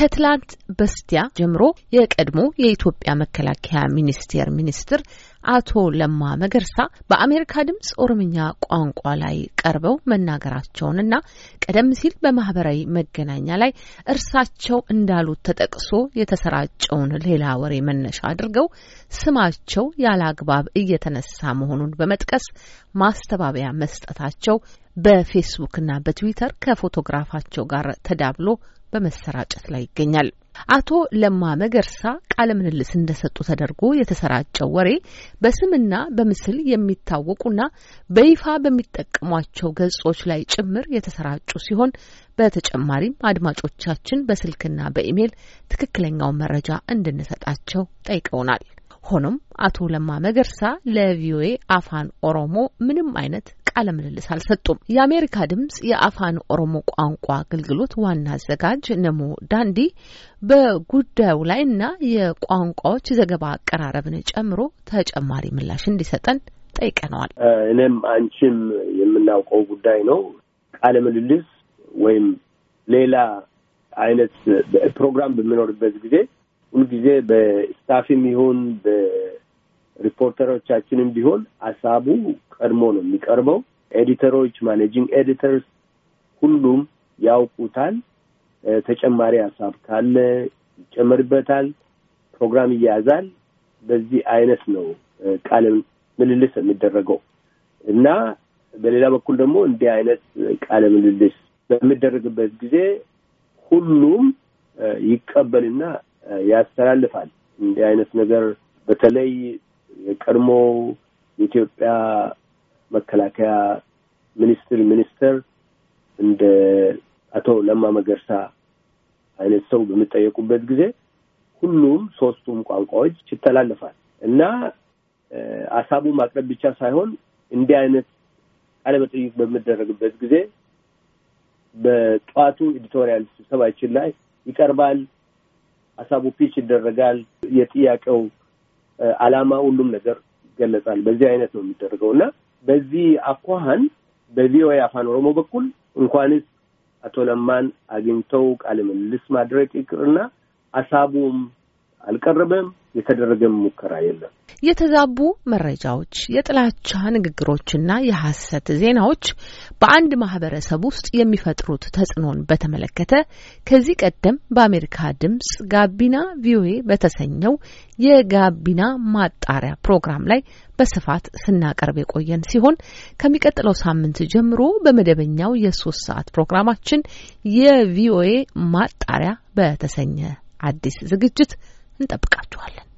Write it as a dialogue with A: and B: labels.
A: ከትላንት በስቲያ ጀምሮ የቀድሞ የኢትዮጵያ መከላከያ ሚኒስቴር ሚኒስትር አቶ ለማ መገርሳ በአሜሪካ ድምጽ ኦሮምኛ ቋንቋ ላይ ቀርበው መናገራቸውንና ቀደም ሲል በማህበራዊ መገናኛ ላይ እርሳቸው እንዳሉት ተጠቅሶ የተሰራጨውን ሌላ ወሬ መነሻ አድርገው ስማቸው ያለ አግባብ እየተነሳ መሆኑን በመጥቀስ ማስተባበያ መስጠታቸው በፌስቡክና በትዊተር ከፎቶግራፋቸው ጋር ተዳብሎ በመሰራጨት ላይ ይገኛል። አቶ ለማ መገርሳ ቃለ ምልልስ እንደሰጡ ተደርጎ የተሰራጨው ወሬ በስምና በምስል የሚታወቁና በይፋ በሚጠቀሟቸው ገጾች ላይ ጭምር የተሰራጩ ሲሆን በተጨማሪም አድማጮቻችን በስልክና በኢሜይል ትክክለኛውን መረጃ እንድንሰጣቸው ጠይቀውናል። ሆኖም አቶ ለማ መገርሳ ለቪኦኤ አፋን ኦሮሞ ምንም አይነት ቃለ ምልልስ አልሰጡም። የአሜሪካ ድምጽ የአፋን ኦሮሞ ቋንቋ አገልግሎት ዋና አዘጋጅ ነሞ ዳንዲ በጉዳዩ ላይና የቋንቋዎች ዘገባ አቀራረብን ጨምሮ ተጨማሪ ምላሽ እንዲሰጠን ጠይቀነዋል።
B: እኔም አንቺም የምናውቀው ጉዳይ ነው። ቃለ ምልልስ ወይም ሌላ አይነት ፕሮግራም በሚኖርበት ጊዜ ሁልጊዜ በስታፍም ይሁን ሪፖርተሮቻችንም ቢሆን ሀሳቡ ቀድሞ ነው የሚቀርበው። ኤዲተሮች፣ ማኔጂንግ ኤዲተርስ ሁሉም ያውቁታል። ተጨማሪ ሀሳብ ካለ ይጨመርበታል። ፕሮግራም ይያዛል። በዚህ አይነት ነው ቃለ ምልልስ የሚደረገው እና በሌላ በኩል ደግሞ እንዲህ አይነት ቃለ ምልልስ በሚደረግበት ጊዜ ሁሉም ይቀበልና ያስተላልፋል። እንዲህ አይነት ነገር በተለይ የቀድሞ የኢትዮጵያ መከላከያ ሚኒስትር ሚኒስተር እንደ አቶ ለማ መገርሳ አይነት ሰው በሚጠየቁበት ጊዜ ሁሉም ሶስቱም ቋንቋዎች ይተላለፋል እና አሳቡ ማቅረብ ብቻ ሳይሆን እንዲህ አይነት ቃለ መጠይቅ በሚደረግበት ጊዜ በጠዋቱ ኤዲቶሪያል ስብሰባችን ላይ ይቀርባል። ሀሳቡ ፒች ይደረጋል። የጥያቄው አላማ ሁሉም ነገር ይገለጻል። በዚህ አይነት ነው የሚደረገው እና በዚህ አኳኋን በቪኦኤ አፋን ኦሮሞ በኩል እንኳንስ አቶ ለማን አግኝተው ቃለ ምልልስ ማድረግ ይቅርና አሳቡም አልቀረበም። የተደረገም ሙከራ የለም።
A: የተዛቡ መረጃዎች፣ የጥላቻ ንግግሮችና የሐሰት ዜናዎች በአንድ ማህበረሰብ ውስጥ የሚፈጥሩት ተጽዕኖን በተመለከተ ከዚህ ቀደም በአሜሪካ ድምጽ ጋቢና ቪኦኤ በተሰኘው የጋቢና ማጣሪያ ፕሮግራም ላይ በስፋት ስናቀርብ የቆየን ሲሆን ከሚቀጥለው ሳምንት ጀምሮ በመደበኛው የሶስት ሰዓት ፕሮግራማችን የቪኦኤ ማጣሪያ በተሰኘ አዲስ ዝግጅት እንጠብቃችኋለን።